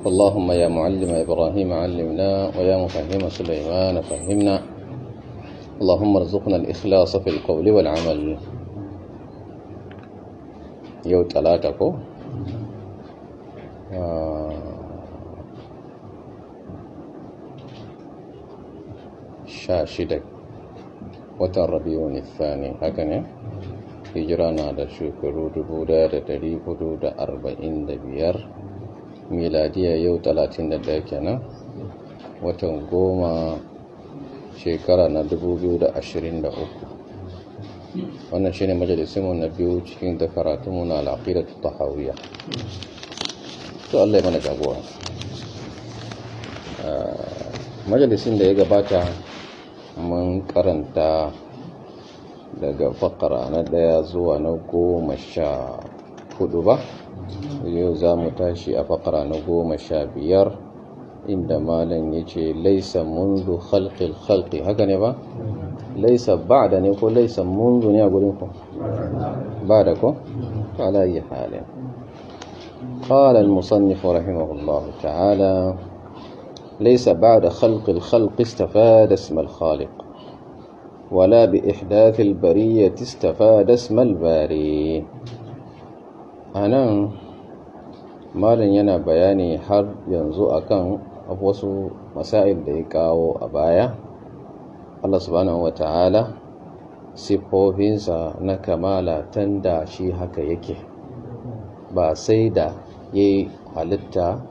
اللهم يا معلم إبراهيم علمنا ويا مفهم سليمان فهمنا اللهم ارزقنا الإخلاص في القول والعمل يو تلاتكو آه. شاشدك وتربيون الثاني هكذا hijira دا da shekaru 1445 miladiya yau 31 kenan watan goma shekara na 2023 wannan shine majalisinmu na biyu cikin da karatunmu na da ta tahawiyya to Allah yi mana jagowa ah, majalisin da ya gabata mun karanta daga fakara na daya zuwa na goma sha hudu ba yau za mu tashi a fakara na goma sha biyar inda malin ya ce laisa mundu halƙil halƙi haka ne ba? laisa ba da ne ko laisa mundu ne a gurin ku? ba da ko? alayi halin قال المصنف رحمه الله تعالى da بعد خلق الخلق استفاد اسم الخالق ولا بإحداث البرية استفاد smal bari a nan malam yana bayani har yanzu akan wasu masail da ya kawo a baya Allah subhanahu wata'ala siffofinsa na kamala tanda shi haka yake ba sai da ya halitta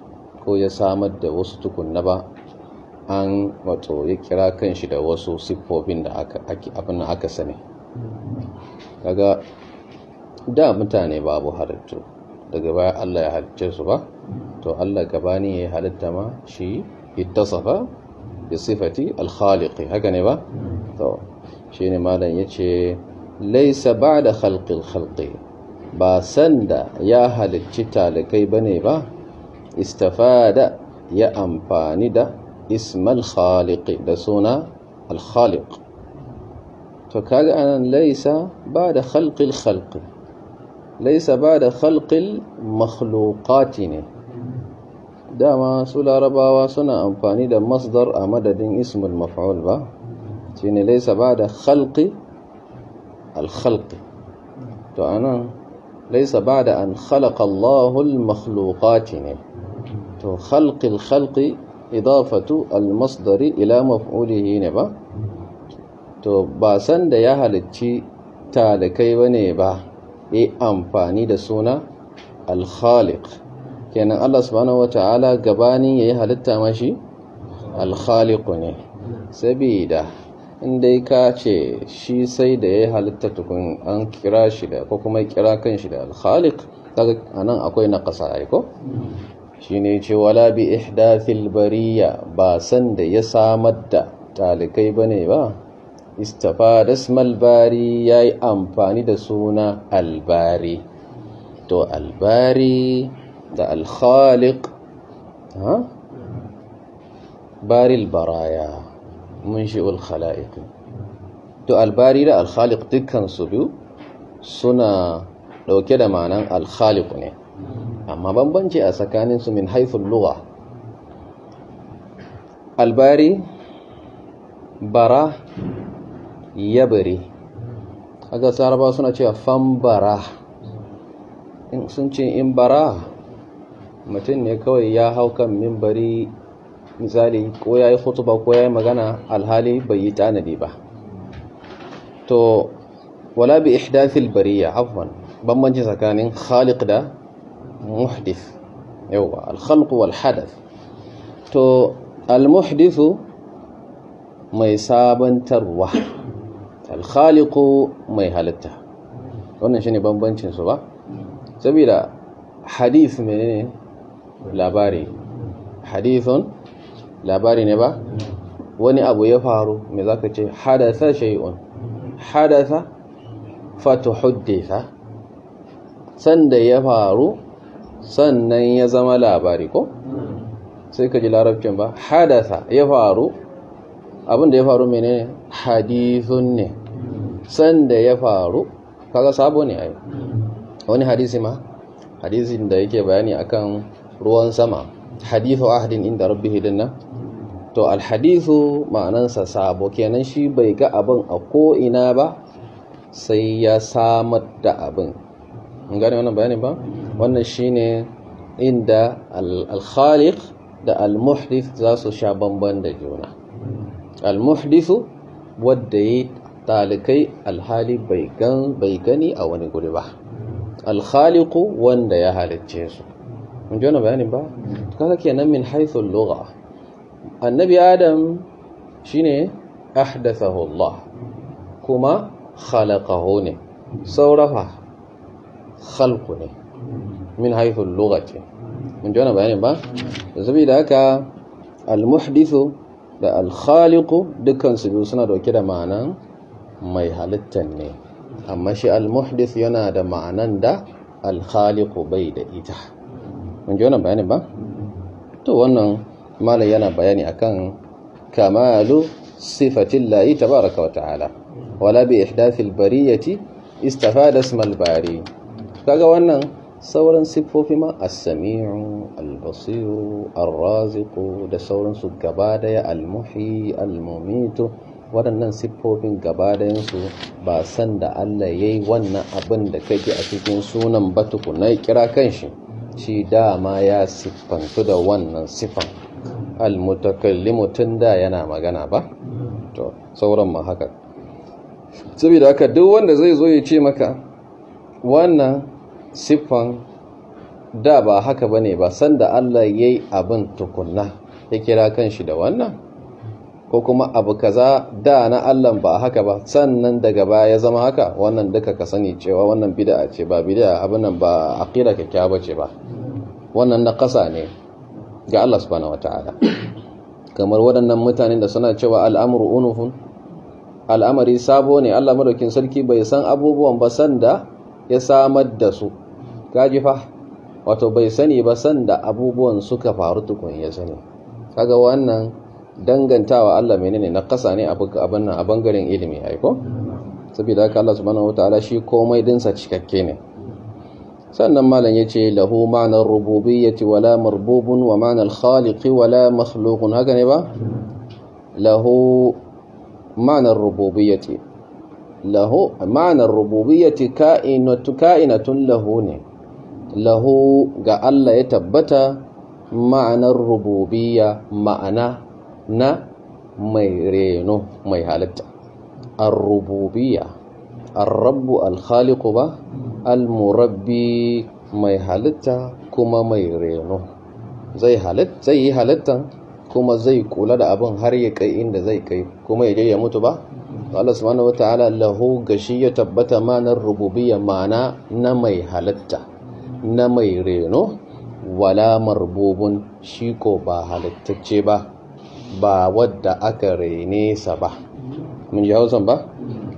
ko ya samar da wasu tukunna ba an wato ya kira kan shi da wasu siffofin da aka aka sani kaga da mutane babu halittu daga baya Allah ya halicce su ba to Allah gabani ya halitta ma shi ittasafa bi sifati al haka ne ba to shine malam yace laysa ba'da khalqil khalqi ba sanda ya halicci talikai bane ba istafada ya amfani da ismal khaliq da suna al-khaliq to kaga anan laysa ba'da khalqil khalqi laisa ba da khalqil makhluqati ne dama su larabawa suna amfani da masdar a madadin ismul maf'ul ba shine laisa ba da khalqi al-khalqi to laisa ba da an khalaqa Allahu makhluqati ne to khalqil khalqi idafatu al-masdari ila maf'ulihi ne ba to ba san da ya halicci kai bane ba yi amfani da suna alkhaliq kenan Allah subhanahu wata'ala gabanin yayi halitta mashi al ne saboda inda ka ce shi sai da yayi halitta tukun an kira shi da ko kuma kira kan shi da Alkhaliq? khaliq kaga anan akwai naqasa ai ko shine ce wala bi ihdathil bariya ba san da ya samar da talikai bane ba istafa da bari ya yi amfani da suna albari to albari da alkhaliq ha baril baraya to albari da alkhaliq dukkan su biyu suna dauke da ma'anan alkhaliq ne amma bambanci a tsakaninsu min haifin lugha albari bara yabari haka saraba suna cewa fambara in sun ce in bara mutum ne kawai ya hau kan mimbari misali ko ya yi hutuba ko ya yi magana alhali bai yi tanadi ba to wala bi ihdathil bariya afwan bambanci tsakanin khaliq da muhdith yawa alkhalq wal hadath to al-muhdithu mai sabantarwa alkhaliku mai halitta wannan shi bambancin bambancinsu ba saboda hadith menene labari hadithun labari ne ba wani abu ya faru mai zaka ce hadasa shay'un hadasa fatuhuddisa sanda ya faru sannan ya zama labari ko sai ka ji larabcin ba hadasa ya faru abinda ya faru menene hadithun ne sanda ya faru kaga sabo ne ai wani hadisi ma hadisin da yake bayani akan ruwan sama hadithu ahdin inda rabbih dinna to alhadithu ma'anansa sabo kenan shi bai ga abin a ko'ina ba sai ya samar da abin in gane wannan bayani ba wannan shine inda al da al-muhdith za sha bamban da juna al-muhdithu wadda yi talikai alhali bai gani a wani guri ba alhaliku wanda ya halicce su mun ji wani bayanin ba kaga kenan min haithul lugha annabi adam shine ahdathahu Allah kuma khalaqahu ne saurafa khalqu ne min haithul lughati mun ji wani bayanin ba saboda haka al-muhdithu da al-khaliqu dukkan su biyu suna dauke da ma'anan mai halittan ne amma shi al muhdis yana da ma'anan da al-khaliqu bai da ita mun ji wannan bayani ba to wannan malai yana bayani akan kamalu lahi tabaaraka wa ta'ala wala bi ihdathil bariyati istafada ismal bari kaga wannan sauran siffofi ma as-sami'u al-basiru ar-raziqu da sauran su gaba daya al-muhyi al-mumitu waɗannan siffofin gaba gabaɗayansu ba san da Allah ya yi wannan abin da kake a cikin sunan ba tukuna kira kan shi shi dama ya siffantu da wannan siffan almutakalli mutum da yana magana ba to sauran ma haka saboda haka duk wanda zai zo ya ce maka wannan siffan da ba haka ba ne ba san da Allah ya yi abin tukunna ya kira kan shi da wannan ko kuma abu kaza da na Allah ba haka ba sannan daga baya ya zama haka wannan duka ka sani cewa wannan bid'a ce ba bid'a abin nan ba aqida kyakkyawa ce ba wannan na kasa ne ga Allah subhanahu wataala kamar waɗannan mutanen da suna cewa al'amru unufun al'amari sabo ne Allah madaukin sarki bai san abubuwan ba sanda ya samar da su kaji fa wato bai sani ba sanda abubuwan suka faru tukun ya sani kaga wannan dangantawa Allah menene na kasa ne abin nan a bangaren ilimi aiko saboda haka Allah subhanahu wataala shi komai dinsa cikakke ne sannan malam yace lahu ma'anar rububiyyati wala marbubun wa ma'anar khaliqi wala makhluqun haka ne ba lahu ma'anar rububiyyati lahu ma'anar rububiyyati ka'inatu ka'inatun lahu ne lahu ga Allah ya tabbata ma'anar rububiyya ma'ana na mai reno mai halitta an rububiya an rabbu al ba al-murabbi mai halitta kuma mai reno zai halitta yi halitta kuma zai kula da abin har ya kai inda zai kai kuma ya je ya mutu ba Allah subhanahu wataala lahu gashi ya tabbata manar rububiya mana na mai halitta na mai reno wala marbubun shi ko ba halittacce ba ba wadda aka rene sa ba mun ji hausan ba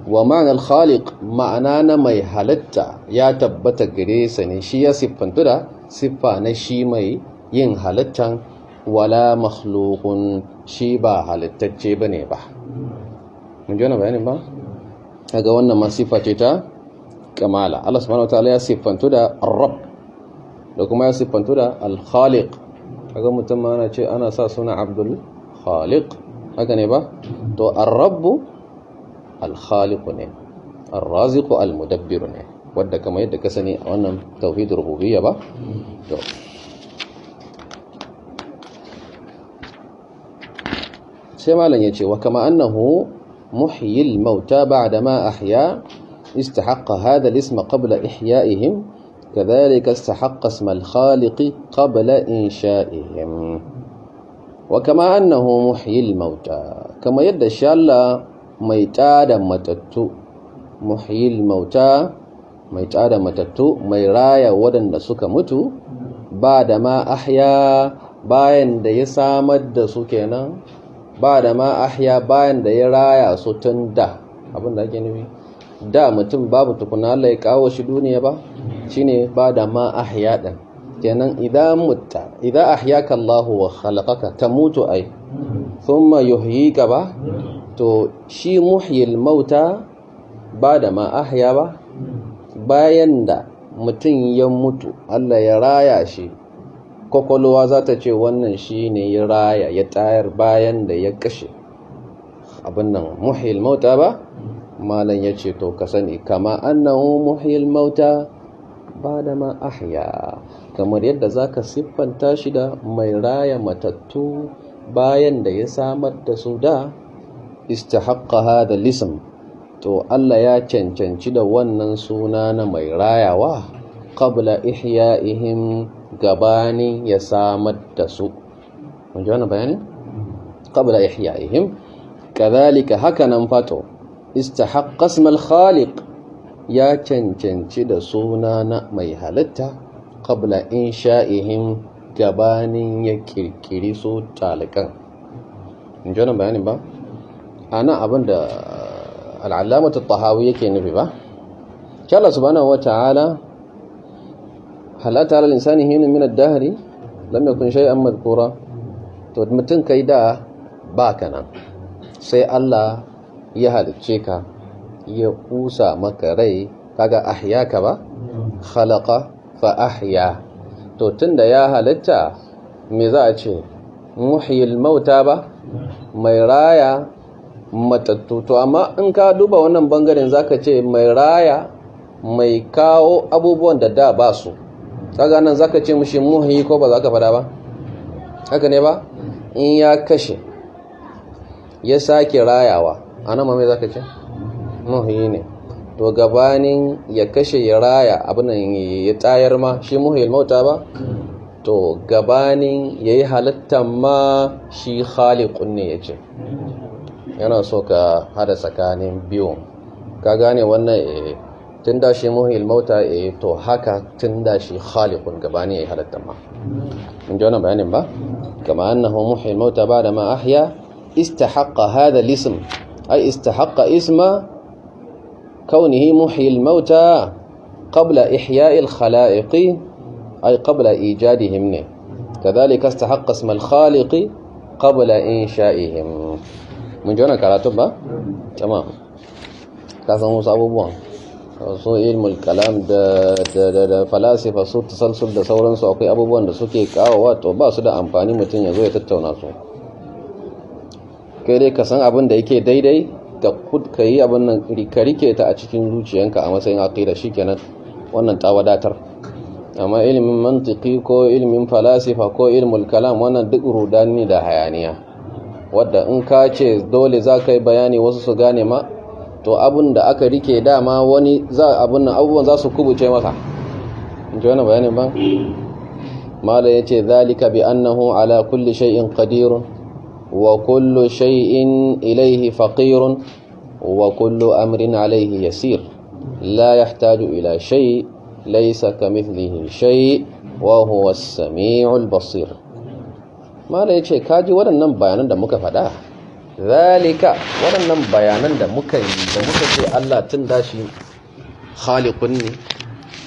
wa ma'anar khaliq ma'ana na mai halitta ya tabbata gare sa ne shi ya siffantu da siffa na shi mai yin halittan wala makhluqun shi ba halittacce ba mun ji wannan bayanin ba wannan ma siffa ce ta kamala Allah subhanahu wataala ya siffantu da ar-rabb da kuma ya siffantu da al-khaliq kaga mutum ma ana ce ana sa suna abdul الخالق هكذا يبقى تو الرب الخالق نه الرازق المدبر نه ودا كما يد كسني وانا توحيد ربوبيه با تو سيما لن يجي وكما أنه محي الموتى بعدما أحيا استحق هذا الاسم قبل إحيائهم كذلك استحق اسم الخالق قبل إنشائهم wa kama annahu muhyil mauta kama yadda shi Allah mai tada matattu muhyil mauta mai tada matattu mai raya wadanda suka mutu ba da ma ahya bayan da ya samar da su kenan ba da ma ahya bayan da ya raya su tun da abin da ake nufi da mutum babu tukuna Allah ya kawo shi duniya ba shine ba da ma ahya din kenan idan mutta idan ahyaka Allah wa khalaqaka tamutu ai thumma yuhyika ba to shi muhyil mauta ba da ma ahya ba bayan da mutum ya mutu Allah ya raya shi kwakwalwa za ta ce wannan shi ne ya raya ya tayar bayan da ya kashe abin nan muhyil mauta ba malan ya ce to ka sani kama annahu muhyil mauta ba da ma ahya kamar yadda zaka siffanta shi da mai raya matattu bayan da ya samar da su da istihaqqa hadha lism to Allah ya cancanci da wannan suna na mai rayawa qabla ihya'ihim gabani ya samar da su mun ji wannan bayani qabla ihya'ihim kadhalika haka nan fato istihaqqa ismal khaliq ya cancanci da suna na mai halitta qabla insha'ihim gabanin ya kirkiri su talikan in ji bayanin ba a nan abin da uh, al'alamata tahawi yake nufi ba kyalla subhanahu wa ta'ala halatta ala linsani hinin min ad-dahri lam yakun shay'an madhkura to mutum kai da baka nan sai Allah ya halicce ka ya kusa maka rai kaga ahyaka ba khalaqa fa'ahya to tunda ya halitta, me za a ce muhyil mauta ba mai raya matattu to amma in ka duba wannan bangaren zaka ce mai raya mai kawo abubuwan da da ba su kaga nan zaka ce mushi muhyi ko ba zaka fada ba haka ne ba in ya kashe ya sake rayawa anan ma me zaka ce muhyi ne to gabanin ya kashe ya raya abinan ya tayar ma shi muhil mauta ba to gabanin ya yi halittar ma shi khali ne ya ce yana so ka hada tsakanin biyu ka gane wannan e tun da shi muhil mauta e to haka tun da shi khaliqun gabanin ya yi halittar ma in ji wannan bayanin ba kama annahu muhil mauta ba da ma'ahya ahya hada hadha ai ism isma كونه محي الموتى قبل إحياء الخلائق أي قبل إيجادهم كذلك استحق اسم الخالق قبل إنشائهم من جونا كراتب تمام كذا موسى أبو بوان سو علم الكلام دا دا دا دا فلاسفة سو تسلسل دا سورن سو أقي أبو بوان دا سو كي كاوات آه، وبا سو دا أمباني متين يزو يتتو ناسو كيري كسان أبن دا إكي دي, دي. ka yi abin nan ka rike ta a cikin zuciyanka a matsayin aqida shikenan wannan tawadatar. amma ilimin mantiki ko ilimin falasifa ko ilimin kalam wannan duk rudani da hayaniya wadda in ka ce dole za ka yi bayani wasu su gane ma to abin da aka rike dama wani za abin nan abubuwan za su kubuce masa in ji wani bayanin eh. ya ce zalika bi annahu ala kulli shay'in qadirun وكل شيء إليه فقير وكل أمر عليه يسير لا يحتاج إلى شيء ليس كمثله شيء وهو السميع البصير ما لا ka كاجي waɗannan bayanan da muka faɗa zalika waɗannan bayanan da muka yi da muka ce Allah tun dashi khaliqun ne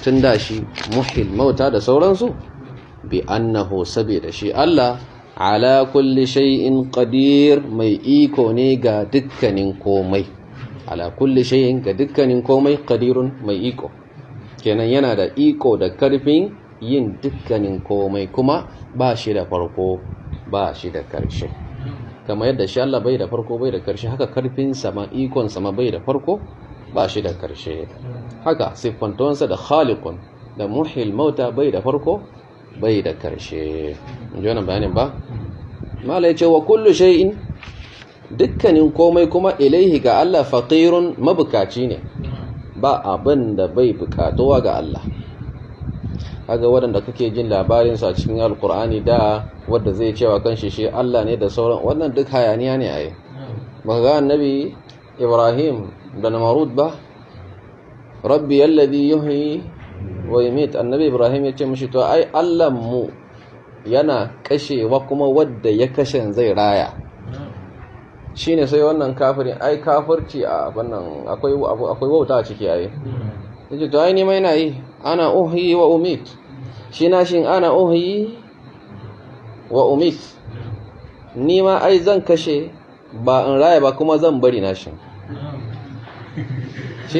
tun dashi muhil mauta da sauransu bi saboda shi Allah ala kulli shay'in qadir mai iko ne ga dukkanin komai ala kulli shay'in ga dukkanin komai qadirun mai iko kenan yana da iko da karfin yin dukkanin komai kuma ba shi da farko ba shi da karshe kama yadda shi Allah bai da farko bai da karshe haka karfin sama ikon sama bai da farko ba shi da karshe haka siffantuwansa da khaliqun da muhil mauta bai da farko bai da karshe ji wannan bayanin ba mala ya ce wa kullu shay'in dukkanin komai kuma ilaihi ga Allah faqirun mabukaci ne ba abin da bai bukatuwa ga Allah kaga waɗanda kake jin labarin sa cikin alkur'ani da wanda zai cewa kanshi shi Allah ne da sauran wannan duk hayaniya ne ayi ba ga annabi Ibrahim da Namrud ba rabbi alladhi yuhyi wa annabi ibrahim ya ce mashi to ai mu yana kashewa kuma wadda ya kashen zai raya Shi ne sai wannan kafirin ai kafirci a wannan akwai wauta a ciki yayi ce to ai nima yana yi. ana ohi wa umit shi na shi ana ohi wa umit Nima ai zan kashe ba in raya ba kuma zan bari na Shi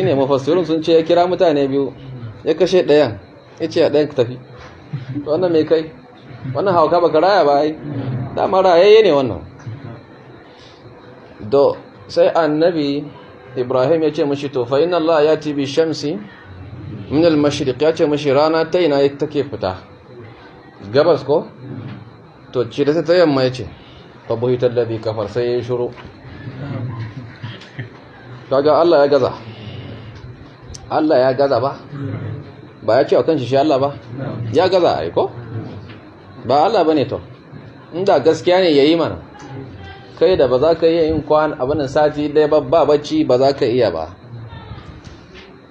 ne mafasirin sun ce ya kira mutane biyu ya kashe ɗayan ya ce a ɗayan ka tafi to wannan mai kai wannan hauka baka raya ba ai dama rayayye ne wannan do sai annabi ibrahim ya ce mashi to fa inna allah ya bi shamsi min al mashriq ya ce mashi rana ta ina take fita gabas ko to ce da ta yamma ya ce fa buhitar bi kafar sai ya shiru kaga allah ya gaza Allah ya gaza ba ba ya ce a kan shi Allah ba ya gaza a ko ba Allah ba ne to inda gaskiya ne ya yi mana kai da ba za ka iya yin kwan abinan sati ɗaya ba ba bacci ba za ka iya ba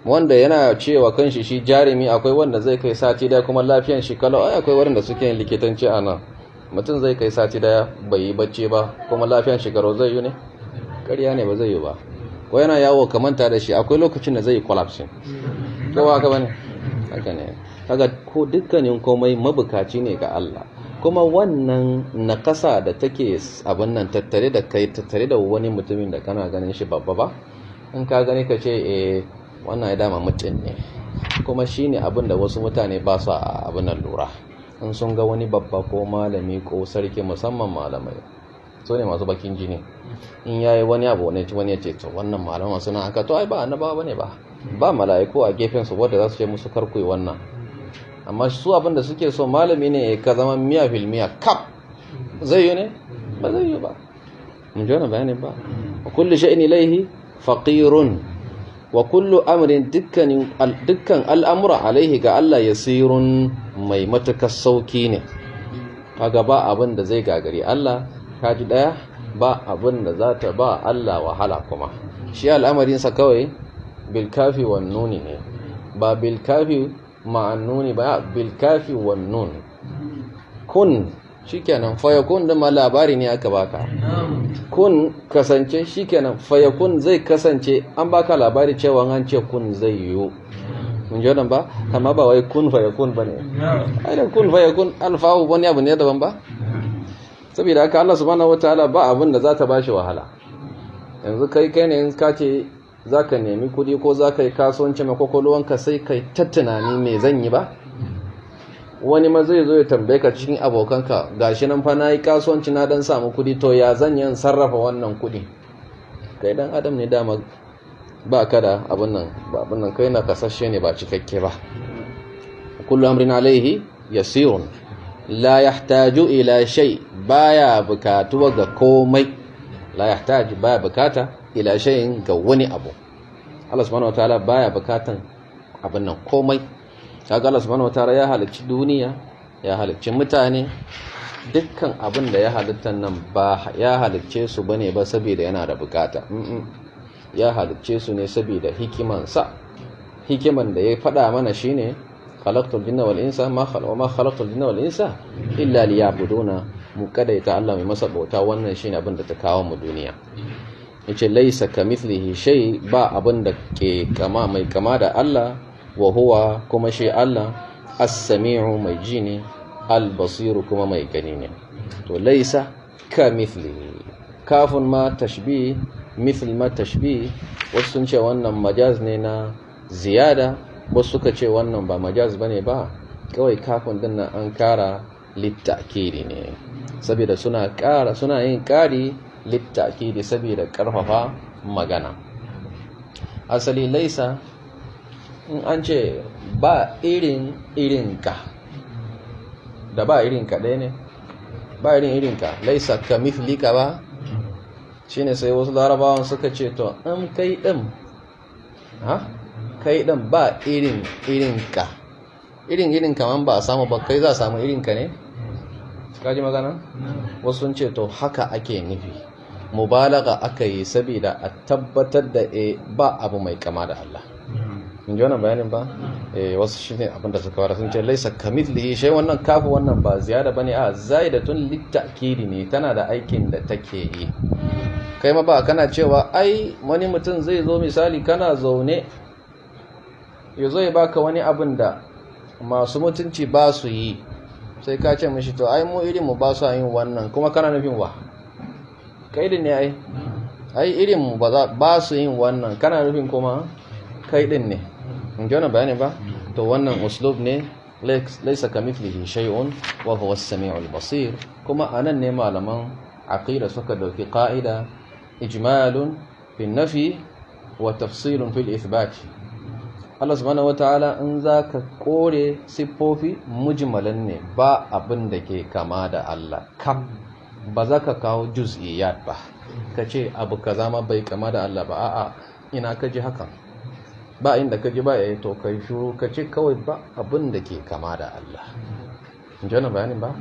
wanda yana cewa kanshi shi jarumi akwai wanda zai kai sati ɗaya kuma lafiyan shi kalau ai akwai wanda suke yin likitanci a nan mutum zai kai sati ɗaya bai yi bacci ba kuma lafiyan shi karo zai yi ne ƙarya ne ba zai yi ba ko yana yawo kamanta da shi akwai lokacin da zai yi collapsing ko ka bane haka ne kaga ko dukkanin komai mabukaci ne ga Allah kuma wannan nakasa da take abin nan tattare da kai tattare da wani mutumin da kana ganin shi babba ba in ka gani ka ce eh wannan ya dama mutum ne kuma shine abin da wasu mutane ba su abin nan lura in sun ga wani babba ko malami ko sarki musamman malamai so ne masu bakin jini in yayi wani abu wani ya ce to wannan malaman suna haka to ai ba annaba bane ba ba mala'iku a gefensu wadda za su ce musu karku wannan amma su abinda suke so malami ne ka zama miya filmiya kap zai yi ne ba zai yi ba mun ji wani bayanin ba wa kullu sha'in ilaihi faƙirun wa kullu amrin dukkan al'amura alaihi ga Allah ya yasirun mai matukar sauki ne kaga ba abin da zai gagari Allah ka ji daya ba abin da za ta ba Allah wahala kuma shi al'amarinsa kawai bilkafi wan nuni ne ba bilkafi ma'an nuni ba bilkafi wan nun kun shikenan fayakun da ma labari ne aka baka kun kasance shikenan fayakun zai kasance an baka labari cewa an ce kun zai yiwu mun ji wannan ba amma ba wai kun fayakun bane aidan kun fayakun alfahu wani abu ne daban ba saboda haka Allah subhanahu wataala ba abin da zata bashi wahala yanzu kai kai ne in ka ce za ka nemi kudi ko za ka yi kasuwanci makwakwalwanka sai ka yi ta tunani mai zanyi ba wani ma zai zo ya tambaye ka cikin abokanka ga shi nan fa na yi kasuwanci na dan samu kudi to ya zan yi sarrafa wannan kudi kai dan adam ne dama ba ka da abin nan ba abin nan kai na kasashe ne ba cikakke ba kullu amrin alaihi yasirun la yahtaju ila shay baya bukatu ga komai la yahtaju baya bukata ila shay'in ga wani abu Allah subhanahu wataala baya bukatan abin nan komai kaga Allah subhanahu wataala ya halicci duniya ya halicci mutane dukkan abin da ya halitta nan ba ya halicce su bane ba saboda yana da bukata ya halicce su ne saboda hikimansa hikiman da ya faɗa mana shine khalaqtul jinna wal insa ma khalaqa ma khalaqtul jinna wal insa illa liya'buduna mu ita Allah mai masa bauta wannan shine abin da ta kawo mu duniya yace ka kamithlihi shay ba abin da ke kama mai kama da Allah wa huwa kuma shi Allah as-sami'u mai jini, ne al-basiru kuma mai gani ne to laisa kamithlihi kafin ma tashbih mithl ma tashbih wasu sun ce wannan majaz ne na ziyada wasu suka ce wannan ba majaz bane ba kawai kafin din nan an kara littakiri ne saboda suna kara suna yin kari da saboda karfafa magana asali laisa in an ce ba irin irinka da ba irinka ɗaya ne ba irin irinka laisa ka miflika ba shi ne sai wasu larabawan suka ce to an kai ɗin ha kai ɗin ba irin irinka irin irinka man ba a samu ba kai za a samu irinka ne kaji magana wasu sun ce to haka ake nufi mubalaga aka yi saboda a tabbatar da e ba abu mai kama da Allah in ji wannan bayanin ba eh, wasu shi ne abinda suka wara sun ce laisa lihi shai wannan kafu wannan ba ziyada ne. a da tun litakidi ne tana da aikin da take yi kai ma ba kana cewa ai wani mutum zai zo misali kana zaune ya zo ya baka wani abin da masu mutunci ba su yi sai ka ce mishi to ai mu irin mu ba su yin wannan kuma kana nufin wa kai din ne ai ai irin mu ba su yin wannan kana nufin kuma kai din ne in ji bayani ba to wannan uslub ne laysa kamithlihi shay'un wa huwa as-sami'ul basir kuma anan ne malaman aqira suka dauki qa'ida ijmalun fi nafi wa tafsilun fil ithbat Allah subhanahu wataala in zaka kore Sifofi mujmalan ne ba abin da ke kama da Allah kam ba za ka kawo juz'iyat ba ka ce abu ka zama bai kama da Allah ba a'a ina ka ji hakan ba inda ka ji ba yi eh, to kai shuru ka ce kawai ba abin da ke kama da Allah in ji bayanin ba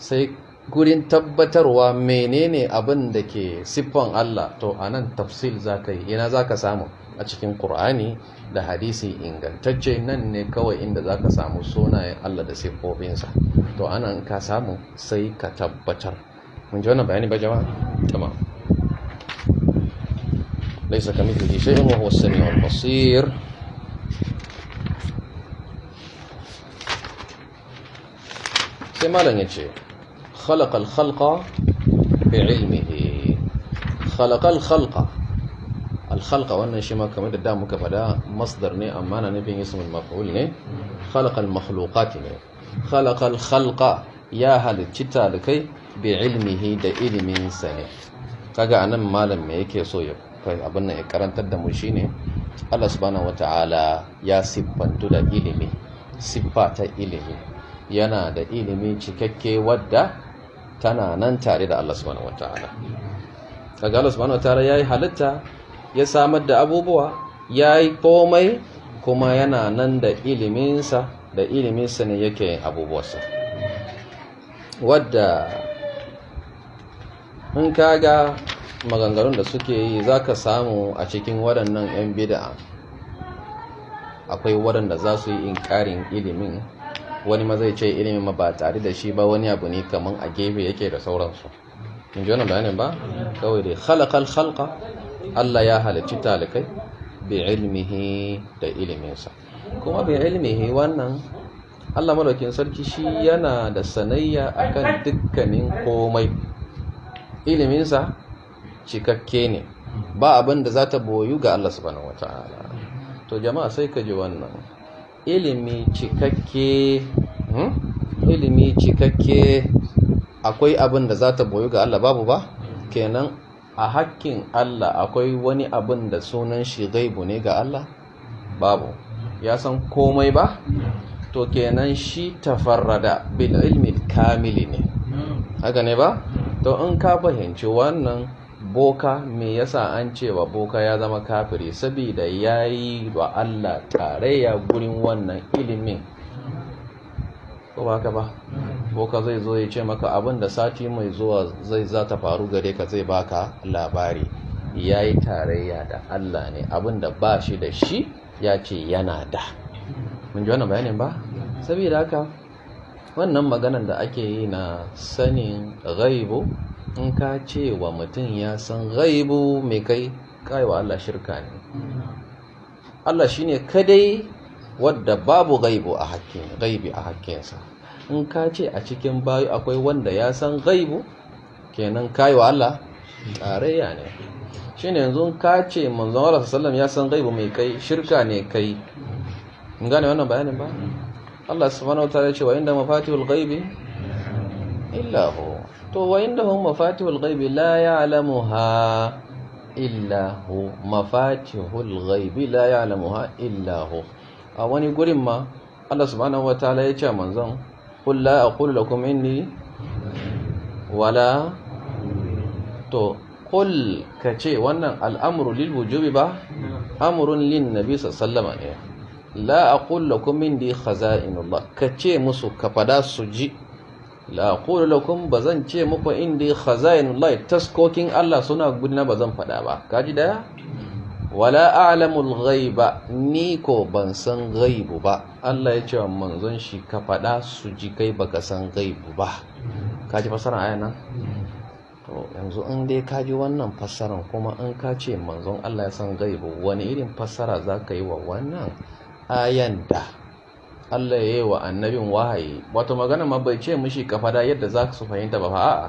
sai gurin tabbatarwa menene abin da ke siffan Allah to anan tafsil za ka yi ina za ka samu a cikin Kur'ani da hadisi ingantacce nan ne kawai inda za ka samu sunayen Allah da siffofinsa to anan ka samu sai ka tabbatar من جنب عيني بقى تمام ليس كمثله شيء وهو السميع البصير سمالن شيء خلق الخلق بعلمه خلق الخلق الخلق وانا شيء ما كما قدام كفدا مصدر ني امانه ني بين اسم المفعول ني خلق المخلوقات ني خلق الخلق يا هل تشتا لكي bi ilmihi da iliminsa ne kaga anan malam me yake so ya abin nan ya karantar da mu shine Allah subhanahu wataala ya siffantu da ilimi siffa ta ilimi yana da ilimi cikakke wadda tana nan tare da Allah subhanahu wataala kaga Allah subhanahu wataala yayi halitta ya samar da abubuwa yayi komai kuma yana nan da iliminsa da iliminsa ne yake abubuwarsa wadda in ka ga maganganun da suke yi za ka samu a cikin waɗannan 'yan bida akwai waɗanda za su yi ƙarin ilimin wani ma zai ce ilimin ma ba tare da shi ba wani abu ne kamar a gefe yake da sauransu in ji wani bayanin ba kawai dai halakal halka allah ya halarci talikai bi ilmihi da iliminsa kuma bi ilmihi wannan allah malaukin sarki shi yana da sanayya akan dukkanin komai iliminsa cikakke ne ba abin da za ta boyu ga Allah subhanahu wata'ala to jama'a sai ka ji wannan ilimi cikakke hmm? ilimi cikakke akwai abin da za ta boyu ga Allah babu ba kenan a hakkin Allah akwai wani abin da sunan shi gaibu ne ga Allah babu ya san komai ba to kenan shi tafarrada bil ilmi kamili ne haka ne ba to in ka fahimci wannan boka me yasa an cewa boka ya zama kafiri sabida ya yi wa allah tarayya gurin wannan ilimin ko ba ka ba boka zai zo ya ce maka abin da sati mai zuwa zai za ta faru gare ka zai baka labari ya yi tarayya da allah ne abin da ba shi da shi ya ce yana da mun ji wannan bayanin ba saboda haka wannan maganan da ake yi na sanin ghaibu in ka ce wa mutum ya san ghaibu mai kai kaiwa Allah shirka ne Allah shine kadai wadda babu ghaibu a hakkin ghaibi a hakkinsa in ka ce a cikin bayu akwai wanda ya san ghaibu kenan kaiwa Allah tarayya ne shine yanzu ka ce manzon Allah sallallahu alaihi wasallam ya san ghaibu mai kai shirka ne kai in gane wannan bayanin ba Allah subhanahu wataala ce wa inda mafatihul ghaibi illa hu to wa inda hum mafatihul ghaibi la ya'lamuha illa hu mafatihul ghaibi la ya'lamuha illa hu a wani gurin ma Allah subhanahu wataala ya ce manzon qul la aqulu lakum inni wala to qul kace wannan al'amru lil wujubi ba amrun lin nabi sallallahu alaihi wasallam la aqul lakum indi ka ce musu ka fada su ji la kuma lakum zan ce muku indi khaza'inullah taskokin Allah suna gudina zan fada ba ka ji daya wala a'lamul ghaiba ni ko ban san ghaibu ba Allah ya ce wa manzon shi ka fada su ji kai baka san ghaibu ba Ka ji fasara ayan nan to yanzu in dai ka ji wannan fasara kuma in ka ce manzon Allah ya san gaibu wani irin fasara za ka yi wa wannan ayan da Allah ya yi wa annabin wahayi wato magana ma bai ce mishi kafa da yadda za su fahimta ba fa'a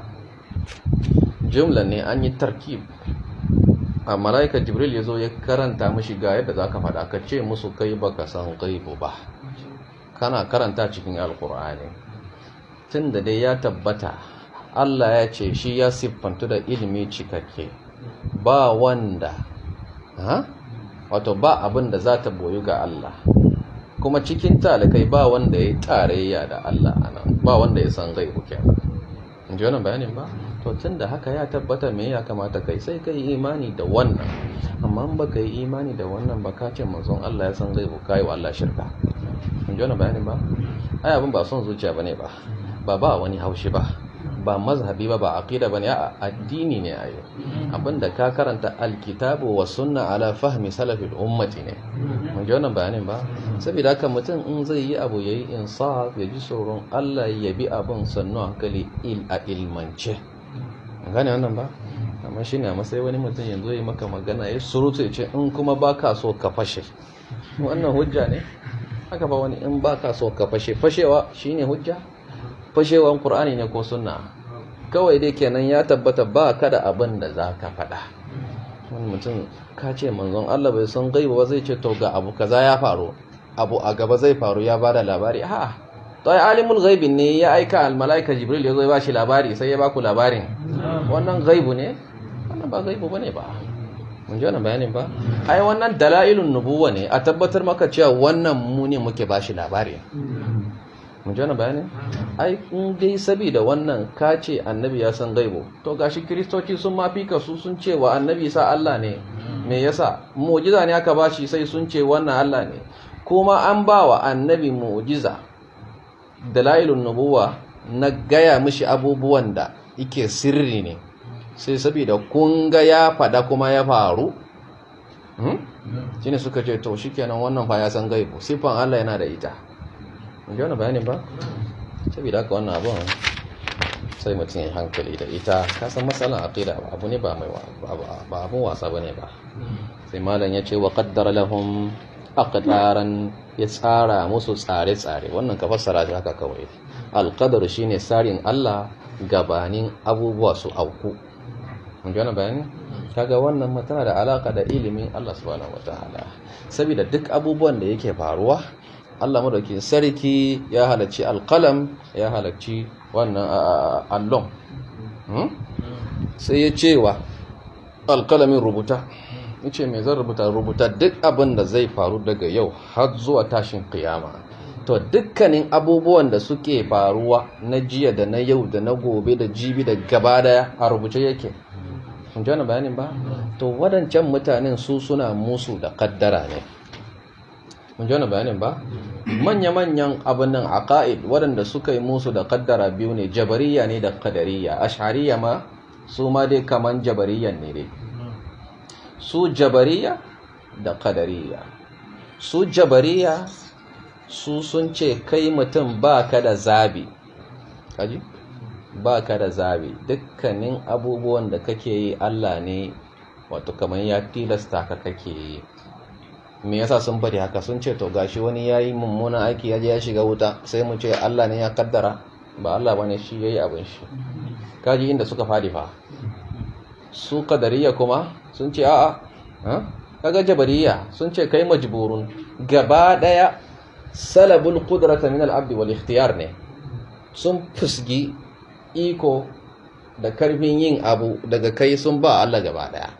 jimla ne an yi tarkib a mala'ikar jibril ya zo ya karanta mishi ga yadda za ka fada ka ce musu kai ba ka san gaibu ba kana karanta cikin alkur'ani tun da dai ya tabbata Allah ya ce shi ya siffantu da ilimi cikakke ba wanda wato ba abin da za ta boyu ga Allah kuma cikin talikai ba wanda ya tarayya da Allah anan ba wanda ya san zai kenan in ji wannan bayanin ba to tun da haka ya tabbata me ya kamata kai sai kai imani da wannan amma in baka yi imani da wannan ba ka ce manzon Allah ya san zai buka yi wa Allah shirka in ji wannan bayanin ba ai abin ba son zuciya bane ba ba ba wani haushi ba ba mazhabi ba ba aqida bane a addini ne ayo abinda ka karanta alkitabu wa sunna ala fahmi salafil ummati ne mun ji wannan bayanin ba saboda haka mutum in zai yi abu yayi insaf ya ji tsoron Allah ya bi abin sannu hankali il a ilmance gane wannan ba amma shine amma sai wani mutum yanzu yayi maka magana ya surutu ya ce in kuma baka so ka fashe wannan hujja ne haka ba wani in baka so ka fashe fashewa shine hujja fashewan qur'ani ne ko sunna kawai dai kenan ya tabbata ba ka da abin da za ka faɗa wani mutum ka ce manzon Allah bai san gaiba ba zai ce to ga abu kaza ya faru abu a gaba zai faru ya bada labari ha to ai alimul ghaibin ne ya aika al malaika jibril ya zo ya bashi labari sai ya baku labarin wannan gaibu ne wannan ba gaibu bane ba mun ji wannan bayanin ba ai wannan dalailun nubuwa ne a tabbatar maka cewa wannan mu ne muke bashi labari mu ji bayani ai in dai saboda wannan ka ce annabi ya san gaibo to gashi kiristoci sun ma fika su sun ce wa annabi sa Allah ne me yasa mu'jiza ne aka bashi sai sun ce wannan Allah ne kuma an ba wa annabi mu'jiza dalailun nubuwa na gaya mishi abubuwan da yake sirri ne sai saboda kun ga ya fada kuma ya faru hmm? shine suka ce to shi kenan wannan fa ya san gaibo sifan Allah yana da ita mun ji wani bayanin ba saboda haka wannan abun sai mutum ya hankali da ita Ka san matsalan aqida abu ne ba mai ba abun wasa bane ba sai malam ya ce wa qaddara lahum aqdaran ya tsara musu tsare-tsare wannan ka fassara shi haka kawai alqadar shine tsarin Allah gabanin abubuwa su auku mun ji wannan bayani kaga wannan tana da alaka da ilimin Allah subhanahu wataala saboda duk abubuwan da yake faruwa Allah madaukin sarki ya halarci alƙalam ya halarci wannan allon hmm? sai ya cewa alƙalamin rubuta ce mai zan rubuta rubuta duk abin da zai faru daga yau har zuwa tashin kiyama to dukkanin abubuwan da suke faruwa na jiya da na yau da na gobe da jibi da gaba daya a rubuce yake kun ji bayanin ba to waɗancan mutanen su suna musu da kaddara ne mun jona bayanin ba manya-manyan a aqaid waɗanda suka yi musu da kaddara biyu ne jabariya ne da kadariya ashariya ma su ma dai kaman jabariyan ne dai su jabariya da kadariya su jabariya su sun ce kai mutum ba ka da zabi kaji ba ka da zabi dukkanin abubuwan da kake yi Allah ne wato kaman ya tilasta ka kake yi me yasa sun bari haka sun ce to gashi wani yayi mummunan aiki yaje ya shiga wuta sai mu ce Allah ne ya kaddara ba Allah bane shi yayi abin shi kaji inda suka fadi fa su kadariya kuma sun ce a'a kaga jabariya sun ce kai majburun gaba daya salabul qudrata min al-abd wal ikhtiyar ne sun fusgi iko da karfin yin abu daga kai sun ba Allah gaba daya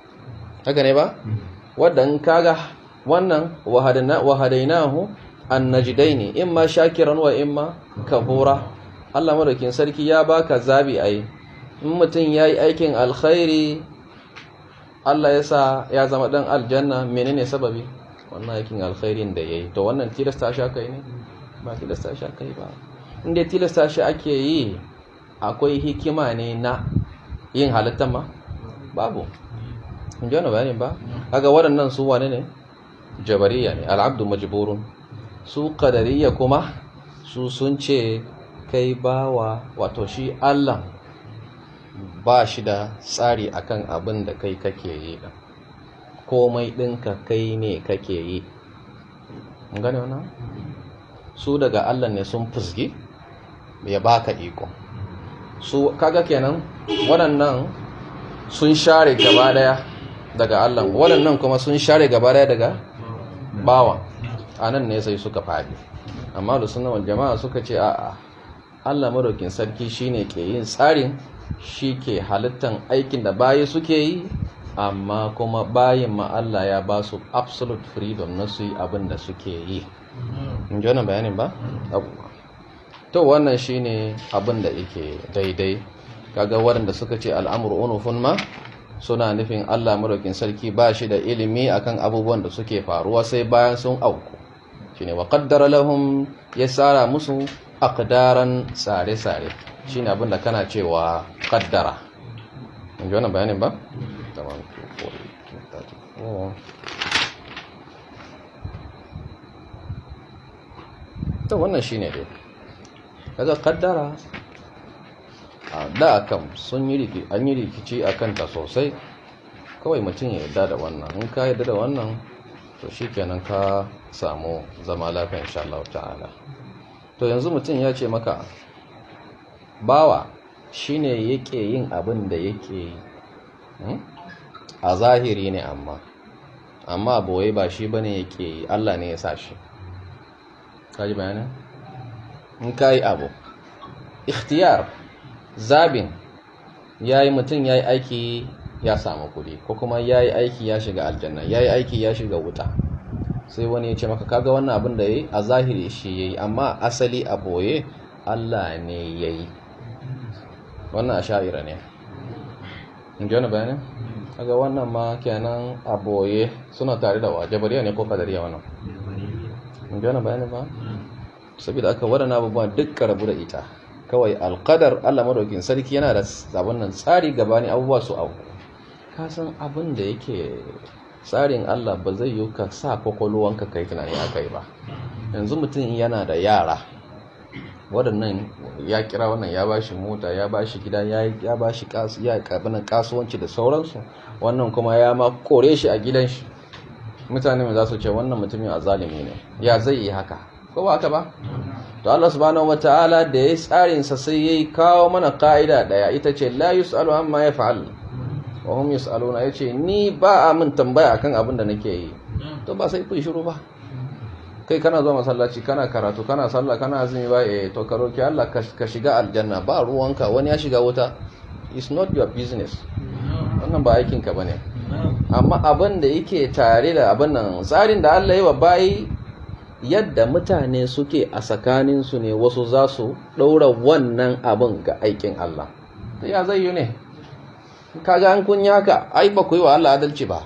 haka ne ba mm-hmm. wadda in kaga wannan wahadainahu annajdaini imma shakiran wa imma kafura Allah madaukin sarki ya baka zabi yi in mutum ya yi aikin alkhairi Allah ya sa ya zama dan aljanna Mene ne sababi wannan aikin alkhairin da ya yi? to wannan tilasta sha kai ne ba tilasta sha kai ba inda tilasta shi ake yi akwai hikima ne na yin halittar ma babu in ji wani bayanin ba ga waɗannan su wane ne jabariya ne al'abdu majiburun su ƙadariya kuma su sun ce kai bawa wato shi Allah ba shi da tsari akan abin da kai kake yi komai ɗinka kai ne kake yi gane wana su daga Allah ne sun fusgi ya baka iko su kaga kenan waɗannan sun share gaba daya daga Allah waɗannan kuma sun share gaba daya daga bawan a nan ne sai suka fadi. amma da suna jama'a suka ce a'a allah maraukin sarki shine ke yin tsarin shi ke halittar aikin da bayi suke yi amma kuma bayin maalla ya ba su absolute freedom na su yi abin da suke yi in ji wannan bayanin ba? to wannan shi ne abin da yake daidai kaga waɗanda suka ce al'amur unufun ma suna nufin Allah maraukin sarki ba shi da ilimi akan abubuwan da suke faruwa sai bayan sun auku ne wa ƙaddara lahun ya tsara musu aqdaran tsare-tsare? shine abin da kana cewa ƙaddara? in ji wannan bayanin ba ta wannan shi ne dai kaga a da kan sun yi an yi rikici a kanta sosai kawai mutum ya yarda da wannan in ka yarda da wannan to shi kenan ka samu zama lafiya insha Allah ta'ala to yanzu mutum ya ce maka bawa shine yake yin abin da yake yi hmm? a zahiri ne amma amma boye ba shi bane yake yi Allah ne ya sa shi kaji bayanin in kai abu ikhtiyar zabin ya yi mutum ya yi aiki ya samu kuɗi ko kuma ya yi aiki ya shiga aljanna ya yi aiki ya shiga wuta sai wani ya ce maka kaga wannan abin da ya yi a zahiri shi ya yi amma asali a boye allah ne ya yi wannan a sha'ira ne in ji wani bayanin kaga wannan ma kenan a boye suna tare da wajabariya ne ko kadariya wannan in ji wani bayanin ba saboda aka wadana abubuwa duk karabu da ita kawai alƙadar Allah madaukin sarki yana da sabon nan tsari gabani abubuwa su auku ka san abin da yake tsarin Allah ba zai yi ka sa kwakwalwanka kai tunani akai ba yanzu mutum yana da yara waɗannan ya kira wannan ya bashi mota ya bashi gida ya bashi ya kabinan kasuwanci da sauransu wannan kuma ya ma kore shi a gidan shi mutane mai za su ce wannan mutumin a zalimi ne ya zai yi haka ko ba haka ba to Allah subhanahu wataala da yayi tsarin sa sai yayi kawo mana kaida daya ita ce la yusalu amma yaf'al wa hum yusaluna yace ni ba a min tambaya akan abin da nake yi to ba sai ku shiru ba kai kana zuwa masallaci kana karatu kana sallah kana azumi ba eh to karo ki Allah ka shiga aljanna ba ruwanka wani ya shiga wuta it's not your business wannan ba aikin ka bane amma abin da yake tare da abin nan tsarin da Allah ya wa bayi yadda mutane suke a tsakaninsu ne wasu za su ɗaura wannan abin ga aikin Allah ya zai yi ne kaga an kun yaka ai ba ku yi wa Allah adalci ba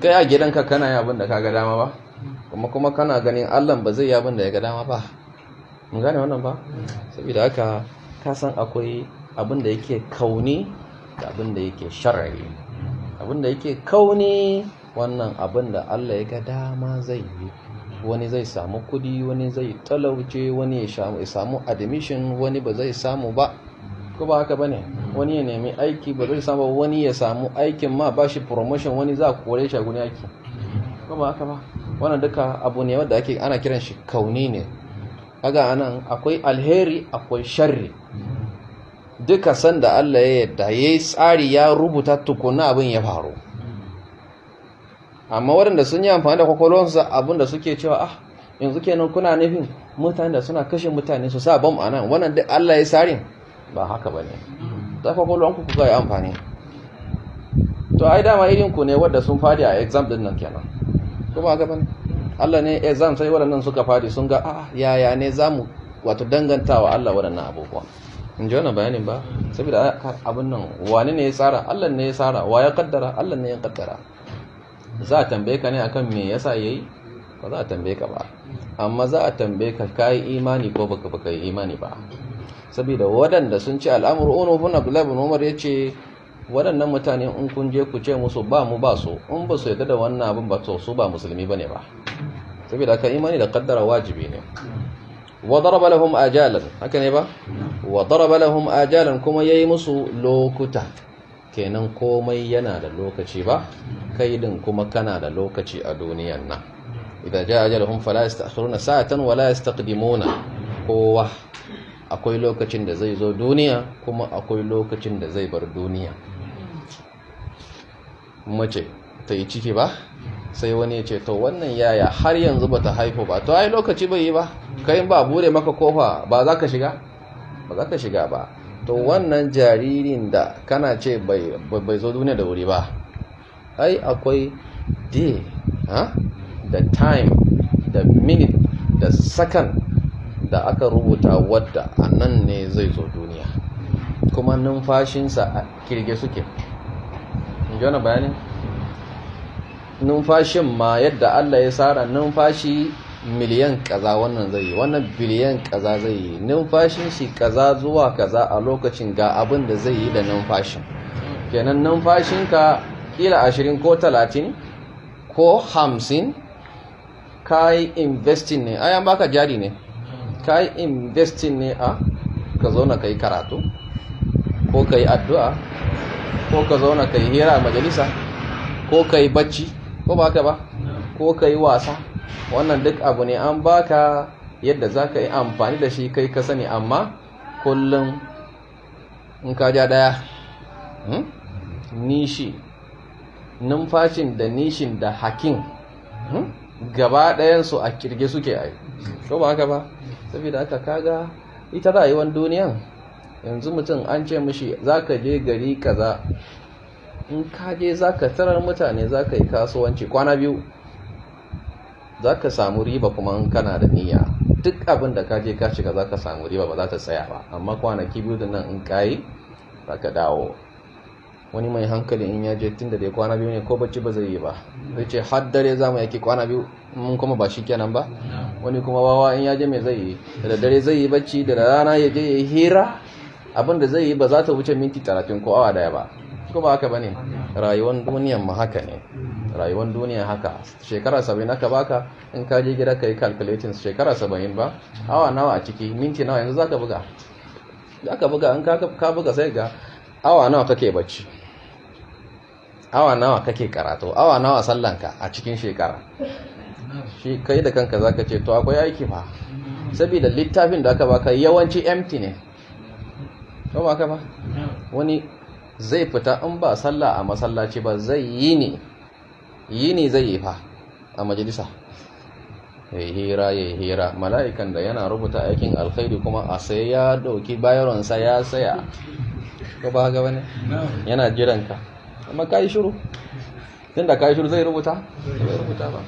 kai a gidanka kana yi abin da ga dama ba kuma kuma kana ganin Allah ba zai yi abin da ya ga dama ba mun gane wannan ba saboda haka ka san akwai abin da yake kauni da abin da yake sharari. abin da yake kauni wannan abin da Allah ya ga dama zai yi wani zai samu kudi wani zai talauce wani ya samu admission wani ba zai samu ba ko ba haka bane wani ya nemi aiki ba zai samu wani ya samu aikin ma ba shi promotion wani za a kore shi a guni aiki ko ba haka ba wannan duka abu ne wanda ake ana kiran shi kauni ne kaga anan akwai alheri akwai sharri duka sanda Allah ya yarda yayi tsari ya rubuta tukuna abin ya faru amma waɗanda sun yi amfani da kwakwalwansu abin da suke cewa ah yanzu kenan kuna nufin mutane da suna kashe mutane su sa bam a nan wannan duk allah ya sarin ba haka ba ne ta kwakwalwanku ku ga amfani to ai dama irin ku ne wadda sun fadi a exam din nan kenan kuma gaban Allah ne exam sai waɗannan suka fadi sun ga ah yaya ne zamu wato dangantawa Allah waɗannan abubuwa in ji wannan bayanin ba saboda abin nan wani ne ya tsara Allah ne ya tsara wa ya kaddara Allah ne ya kaddara za a tambaye ka ne a kan me yasa yayi ba za a tambaye ka ba amma za a tambaye ka ka yi imani ko baka baka yi imani ba saboda waɗanda sun ce al'amur ono bin abdullahi bin umar ya ce waɗannan mutane in kun je ku ce musu ba mu ba su in ba su yadda da wannan abin ba to su ba musulmi bane ba saboda ka imani da kaddara wajibi ne wa daraba lahum ajalan haka ne ba wa daraba lahum ajalan kuma yayi musu lokuta kenan komai yana da lokaci ba kai din kuma kana da lokaci a duniyan nan idan ja ajalhum fala yastakhiruna sa'atan wala yastaqdimuna kowa akwai lokacin da zai zo duniya kuma akwai lokacin da zai bar duniya mace ta yi ciki ba sai wani ya ce to wannan yaya har yanzu ba ta haifu ba to ai lokaci bai yi ba kai ba bure maka kofa ba za ka shiga ba za ka shiga ba to wannan jaririn da kana ce bai zo duniya da wuri ba ai akwai day da time da minute da second da aka rubuta wadda a nan ne zai zo duniya kuma numfashinsa a kirge suke bayanin numfashin ma yadda allah ya tsara numfashi miliyan kaza wannan zai yi wannan biliyan kaza zai yi numfashin shi kaza zuwa kaza a lokacin ga abin da zai yi da numfashin kenan numfashinka kila ashirin ko talatin ko hamsin ka yi investin ne ayan baka jari ne ka yi investin ne a ka zauna ka yi karatu ko ka yi addu'a ko ka zauna ka yi hira majalisa ko ka yi bacci ko ba ka ba ko ka yi wasa wannan duk abu ne an baka yadda za ka yi amfani da shi kai ka sani amma kullum in ka ja daya hmm, nishi numfashin da nishin da hakin hmm, gaba ɗayansu a kirge suke a yi ko ba haka ba saboda haka kaga ita rayuwar duniyan yanzu mutum an ce mishi za ka je gari kaza in ka je za ka tarar mutane za ka yi kasuwanci kwana biyu za ka samu riba kuma in kana da niyya duk abin da ka je ka shiga za ka samu riba ba za ta tsaya ba amma kwanaki biyu da nan in kayi za ka dawo wani mai hankali in ya je tun da dai kwana biyu ne ko bacci ba zai yi ba zai ce har dare za mu yaki kwana biyu mun kuma ba shi kenan ba wani kuma wawa in ya je mai zai yi da dare zai yi bacci da rana ya je ya yi hira abin da zai yi ba za ta wuce minti talatin ko awa daya ba ko ba haka ba ne rayuwar duniyan mu haka ne rayuwar duniya haka shekara saba'in aka baka in ka je gida ka yi calculating shekara saba'in ba awa nawa a ciki minti nawa yanzu za ka buga za ka buga in ka buga sai ga awa nawa kake bacci awa nawa kake karatu awa nawa sallanka a cikin shekara shi kai da kanka za ka ce to akwai aiki fa saboda littafin da aka baka yawanci empty ne to ba ka ba wani zai fita in ba sallah a masallaci ba zai yi ne yi ne zai yi fa a majalisa ya hira ya hira mala'ikan da yana rubuta aikin alkhairi kuma a sai ya dauki bayaronsa ya saya ko ba gaba ne yana jiranka amma ka yi shuru tun da ka yi shuru zai rubuta zai rubuta ba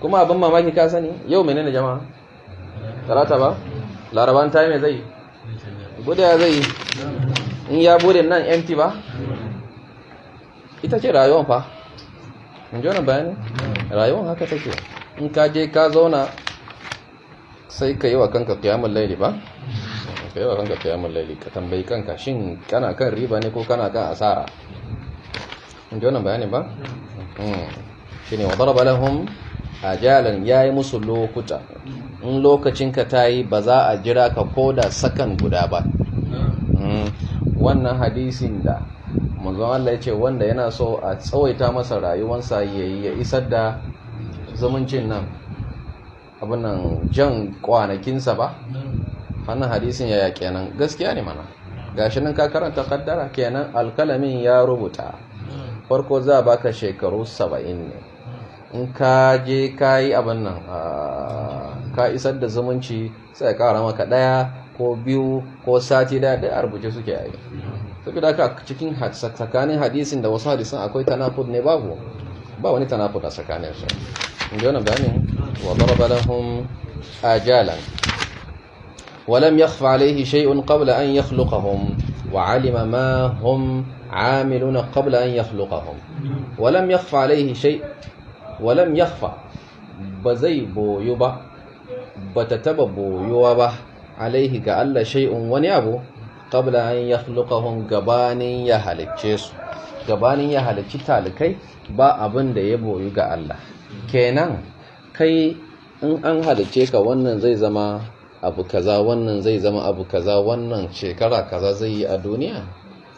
kuma abin mamaki ka sani yau menene jama'a talata ba laraban ta yi mai zai bude ya zai in ya bude nan empty ba ita ce rayuwan fa in ji wani bayani mm. rayuwar haka take in ka je ka zauna sai ka yi wa kanka kiyamun laili ba mm. ka yi wa kanka kiyamun laili ka tambayi kanka shin kana kan riba ne ko kana kan asara in ji wani bayani ba mm. shi ne wa daraba A ajalan ya yi musu lokuta in lokacinka ta yi ba za a jira ka koda sakan guda ba wannan hadisin da manzon Allah ya ce wanda yana so a tsawaita masa rayuwansa ya isar da zumuncin nan abin jan kwanakinsa ba hannun hadisin yaya kenan gaskiya ne mana gashi nan ka karanta kaddara kenan alkalamin ya rubuta farko za baka shekaru saba'in ne in ka je ka yi abin nan ka isar da zumunci sai kara maka ɗaya ko biyu ko sati daya da rubuce suke yi saboda haka cikin tsakanin hadisin da wasu hadisan akwai tanafud ne babu ba wani tanafud a tsakanin su inda wannan bayanin wa daraba lahum ajalan wa lam yakhfa alayhi shay'un qabla an yakhluqahum wa alima ma hum amiluna qabla an yakhluqahum wa lam yakhfa alayhi shay wa lam yakhfa bazai boyu ba bata taba boyuwa ba alaihi ga Allah shay'un wani abu qabla an yakhluqahum gabanin ya halicce su gabanin ya halicci talikai ba abin da ya boyu ga Allah kenan kai in an halicce ka wannan zai zama abu kaza wannan zai zama abu kaza wannan shekara kaza zai yi a duniya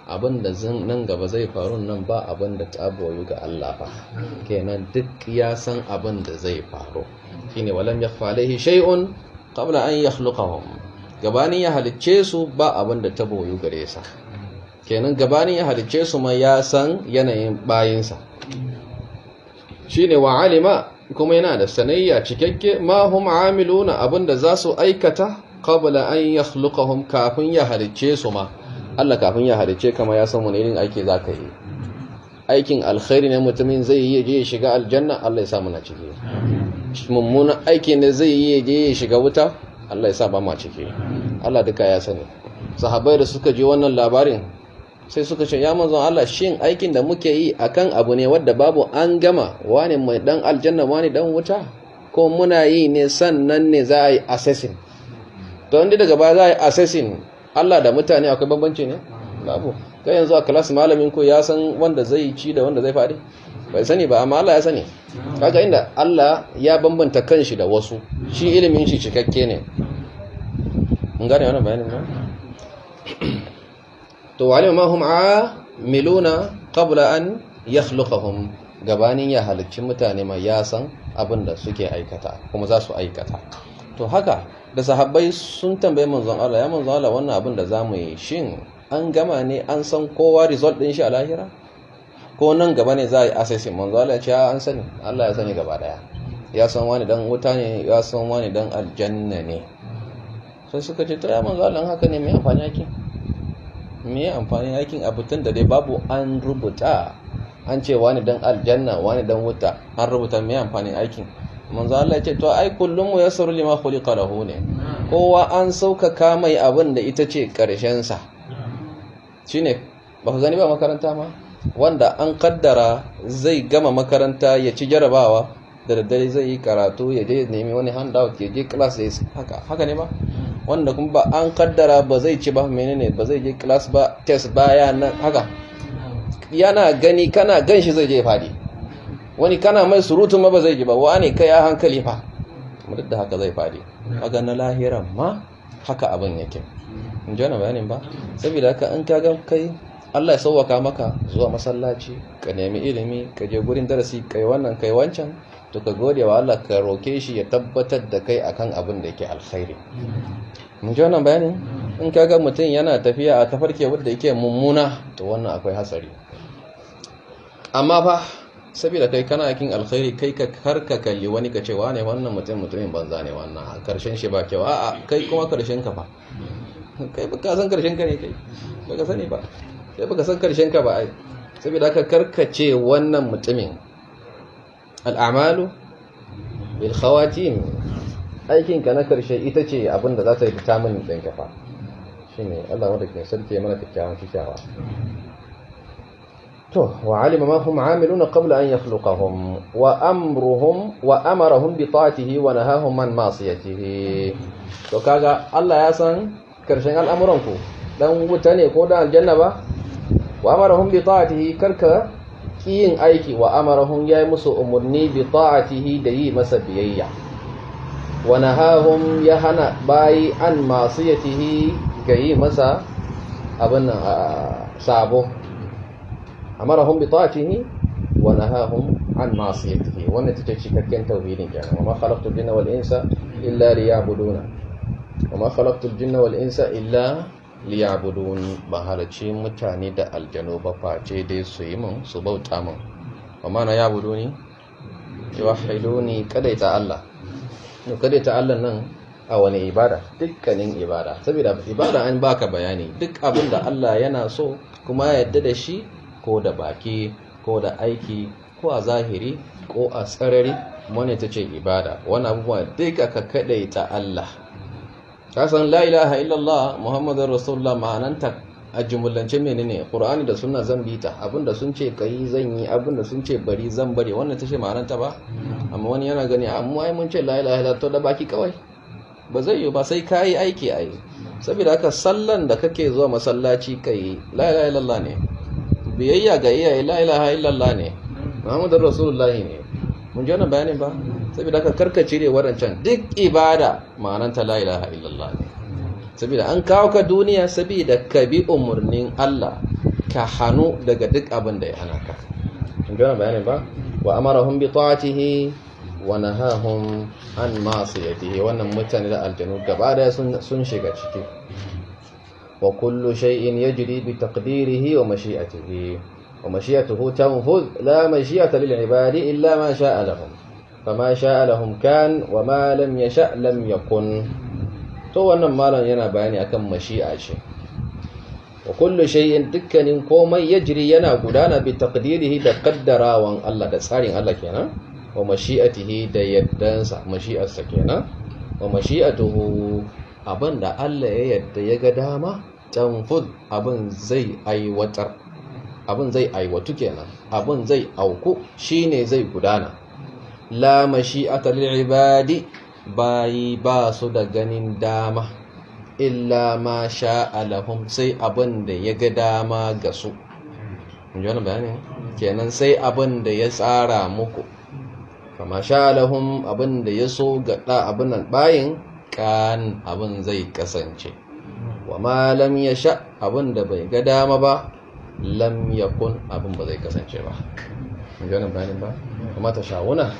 abin da nan gaba zai faru nan ba abin da ta boyu ga Allah ba kenan duk ya san abin da zai faru shine walam yakhfa alaihi shay'un qabla an yakhluqahum gabanin ya halicce su ba abin da ta boyu gare sa kenan gabanin ya halicce su ma ya san yanayin bayinsa Shi ne wa alima kuma yana da sanayya cikakke ma hum amiluna abinda za su aikata qabla an yakhluqahum kafin ya halicce su ma Allah kafin ya halicce kama ya san wani irin aiki za ka yi aikin alkhairi ne mutumin zai yi je ya shiga aljanna Allah ya sa na ciki mummunan aiki ne zai yi je ya shiga wuta Allah ya sa ba ma cike Allah duka ya sani sahabbai da suka ji wannan labarin sai suka ce ya manzon Allah shin aikin da muke yi akan abu ne wadda babu an gama wani mai dan aljanna wani dan wuta ko muna yi ne sannan ne za a yi assessing to inda daga baya za a yi assessing Allah da mutane akwai bambanci ne babu kai yanzu a class malamin ko ya san wanda zai ci da wanda zai fadi bai sani ba amma Allah ya sani kaga inda Allah ya bambanta kanshi da wasu shi ilimin shi cikakke ne mun gane wannan bayanin ba to walima ma hum amiluna qabla an yakhluqahum gabanin ya halicci mutane ma ya san abin da suke aikata kuma za su aikata to haka da sahabbai sun tambaye manzon Allah ya manzon Allah wannan abin da zamu yi shin an gama ne an san kowa result din shi a lahira ko nan gaba ne za a yi assessing manzo Allah ya ce ah, an sani Allah ya sani gaba daya ya san wani dan wuta ne ya san wani dan aljanna ne sai suka ce to ya manzo Allah haka ne mai amfani yake me amfani aikin abutun da dai babu an rubuta an ce wani dan aljanna wani dan wuta an rubuta me amfani aikin manzo Allah ya ce to ai kullum ya saru lima khuliqa lahu ne kowa an sauka mai abin da ita ce karshen sa shine ba ku gani ba makaranta ma wanda an kaddara zai gama makaranta ya ci jarabawa da daddare zai yi karatu ya je nemi wani handout ya je class ya haka haka ne ba wanda kuma ba an kaddara ba zai ci ba menene ba zai je class ba test baya nan haka yana gani kana gan shi zai je fadi wani kana mai surutun ma ba zai ji ba wani kai ya hankali fa kuma duk da haka zai fadi kaga na lahiran ma haka abin yake in ji wani bayanin ba saboda haka in ka ga kai Allah ya sauwaka maka zuwa masallaci ka nemi ilimi ka je gurin darasi kai wannan kai wancan to ka gode wa Allah ka roke shi ya tabbatar da kai akan abin da yake alkhairi mun ji wannan bayanin in kaga mutum yana tafiya a tafarke wanda yake mummuna to wannan akwai hatsari amma fa saboda kai kana yakin alkhairi kai ka karka kalli wani ka ce wane wannan mutum mutumin banza ne wannan karshen shi ba kyau a'a kai kuma karshen ka fa kai ba ka san karshen ka ne kai ba ka sani ba kai ba ka san karshen ka ba ai saboda haka karkace wannan mutumin al'amalu bil khawatim aikin ka na karshe ita ce abin da za ta yi fita min ɗin kafa shine Allah wanda ke sarki mana kyakkyawan kyakkyawa to wa alima ma hum amiluna qabla an yakhluqahum wa amruhum wa amarahum bi ta'atihi wa nahahum an ma'siyatihi to kaga Allah ya san karshen al'amuranku dan wuta ne ko dan aljanna ba wa amarahum bi ta'atihi karka kiyin aiki wa ya yi musu umurni bi ta'atihi da yi masa biyayya wa nahahum ya hana bayi an masu masiyatihi ga yi masa abin sabo amarahum bi ta'atihi wa nahahum an masu masiyatihi wannan tace cikakken tauhidin kenan wa ma khalaqtu jinna wal insa illa liya'buduna amma khalaqtul jinna wal insa illa liya'budun ba halarci mutane da aljanu ba face dai su yi mun su bauta mun amma na ya'buduni yuwahhiduni kadaita Allah to kadaita Allah nan a wani ibada dukkanin ibada saboda ibada an baka bayani duk abin da Allah yana so kuma ya yadda da shi ko da baki ko da aiki ko a zahiri ko a tsarari, wani ta ce ibada wani abubuwa duka ka kadaita Allah kasan la ilaha illallah Muhammadu rasulullah ma'ananta a mene menene qur'ani da suna zan bita, abinda sun ce yi zan yi abinda sun ce bari zan bari wannan ta ce ma'ananta ba amma wani yana gani amma ai mun ce la ilaha illallah to da baki kawai ba zai yi ba sai ka yi aiki a yi. saboda haka sallan da kake zuwa masallaci kai yi ilaha illallah ne biyayya ga iyaye la ilaha illallah ne muhammadun rasulullah ne mun ji wannan bayanin ba saboda ka karkace ne waɗancan duk ibada ma'ananta la ilaha illallah ne saboda an kawo ka duniya saboda ka bi umarnin Allah ka hannu daga duk abin da ya hana ka in bayanin ba wa amarahum bi ta'atihi wa nahahum an ma'siyatihi wannan mutane da aljanu gaba daya sun shiga ciki wa kullu shay'in yajri bi taqdirihi wa mashi'atihi ومشيئته la لا مشيئة للعباد إلا ما شاء لهم fama sha lahum kan wa ma lam yasha lam kun? to wannan malam yana bayani akan mashi'a ce wa kullu shay'in dukkanin komai yajri yana gudana bi taqdirihi da qaddarawan Allah da tsarin Allah kenan wa mashi'atihi da yaddansa mashi'arsa kenan wa mashi'atuhu abinda Allah ya yadda ya ga dama tanfud abin zai aiwatar abin zai aiwatu kenan abin zai auku shine zai gudana la mashi'ata lil ibadi bayi ba su da ganin dama illa ma sha alahun sai abin da ya ga dama ga su kenan sai abin da ya tsara muku kama sha alahun abin da ya so ga ɗa abin nan bayin kan abin zai kasance wa ma lam yasha abin da bai ga dama ba lam kun abin ba zai kasance ba mun ji wannan bayanin ba kuma ta sha'una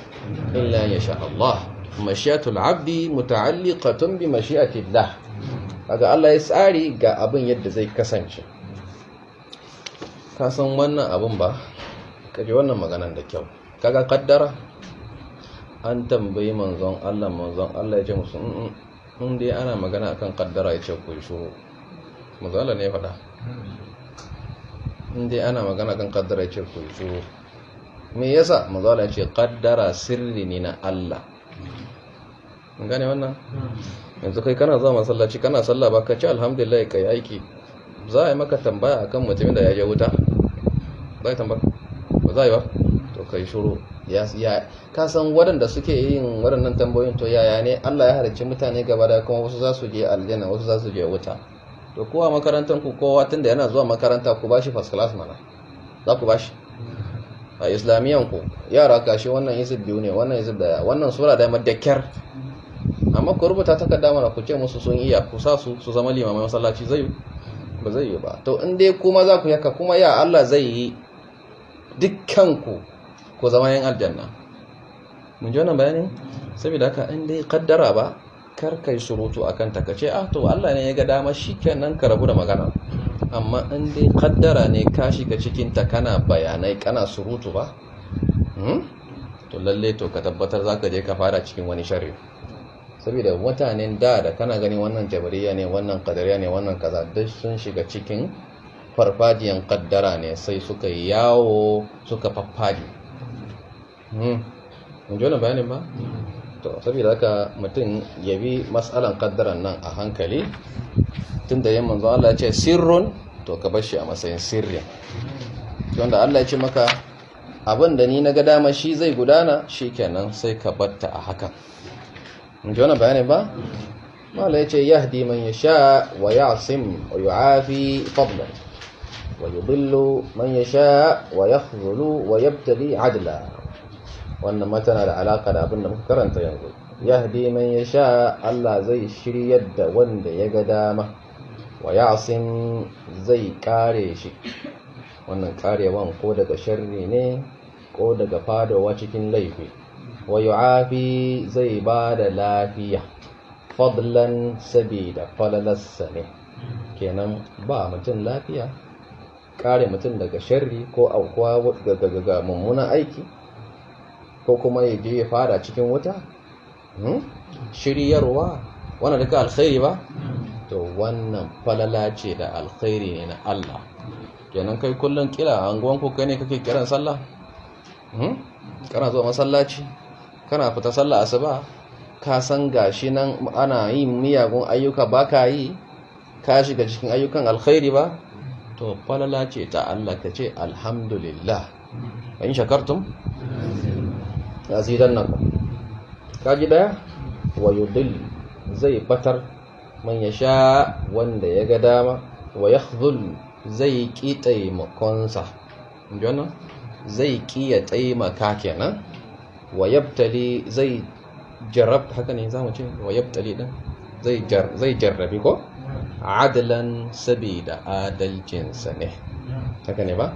illa ya sha Allah mashiyatul abdi muta'alliqatun bi mashi'atillah kaga Allah ya tsari ga abin yadda zai kasance ka san wannan abin ba kaje wannan maganan da kyau kaga kaddara an tambayi manzon Allah manzon Allah ya ce musu mm, mm, in dai ana magana akan kaddara ya ce ku yi shuru manzon Allah ne ya faɗa in dai ana magana kan kaddara ya ce ku yi shuru me yasa manzo Allah ce kaddara sirri ne na Allah gane wannan yanzu kai kana zuwa masallaci kana sallah ba ka ci alhamdulillah yi aiki za a yi maka tambaya akan mutumin da ya je wuta za a yi tambaya ba za a yi ba to ka yi shuru ka san waɗanda suke yin waɗannan tambayoyin to yaya ne Allah ya halicci mutane gaba da kuma wasu za su je aljanna wasu za su je wuta to kowa makarantar ku kowa tunda yana zuwa makaranta ku bashi first class mana za ku bashi a islamiyan ku yara kashi wannan izib biyu ne wannan izib daya wannan sura da madakkar amma ku rubuta takarda mana ku ce musu sun iya ku sa su su zama limamai masallaci zai ba zai yi ba to in dai kuma za ku yaka kuma ya Allah zai yi dukkan ku ku zama yan aljanna mun ji wannan bayanin saboda haka in dai kaddara ba kar ka yi surutu a kanta ka ce ah to Allah ne ya ga dama shi kenan ka rabu da magana amma in dai kaddara ne ka shiga cikinta kana bayanai kana surutu ba hmm? to lalle to ka tabbatar za ka je ka fara cikin wani shari saboda mutanen da da kana gani wannan jabariya ne wannan kadariya ne wannan kaza duk sun shiga cikin farfajiyan kaddara ne sai suka yawo suka faffadi. Hmm? Mun bayanin ba? to saboda haka mutum ya bi matsalan kaddaran nan a hankali tun da yin manzo Allah ya ce sirrun to ka bar shi a matsayin sirri wanda Allah ya ce maka abin da ni na ga dama shi zai gudana shi kenan sai ka batta a hakan mun ji wannan bayani ba ce, yace yahdi man yasha wa ya'sim wa yu'afi fadlan wa yudillu man yasha wa yakhdhulu wa yabtali adla wannan matana na da alaka da abin da muka karanta yanzu yahdi man ya sha Allah zai shiryar da wanda ya ga dama wa zai kare shi wannan karewan ko daga sharri ne ko daga fadowa cikin laifi wa yu'afi zai ba da lafiya fadlan sabida falalarsa ne kenan ba mutum lafiya kare mutum daga sharri ko aukuwa daga mummunan aiki ko kuma ya je ya fada cikin wuta hmm? shiryarwa wannan duka alkhairi ba to wannan falala ce da alkhairi ne na Allah kenan kai kullun kira anguwan ku kai ne kake kiran sallah hmm? kana zuwa masallaci kana fita sallah asuba ka san gashi nan ana yin miyagun ayyuka ba ka yi ka shiga cikin ayyukan alkhairi ba to falala ce ta Allah ka ce alhamdulillah in shakartum lazidannakum kaji daya wa yudil zai batar man ya sha wanda ya ga dama wa yakhdhul zai ki taimakonsa zai ki ya taimaka kenan wa yabtali zai jarab haka ne mu ce wa yabtali din zai jar zai jarrabi ko adalan sabida adalcinsa ne haka ne ba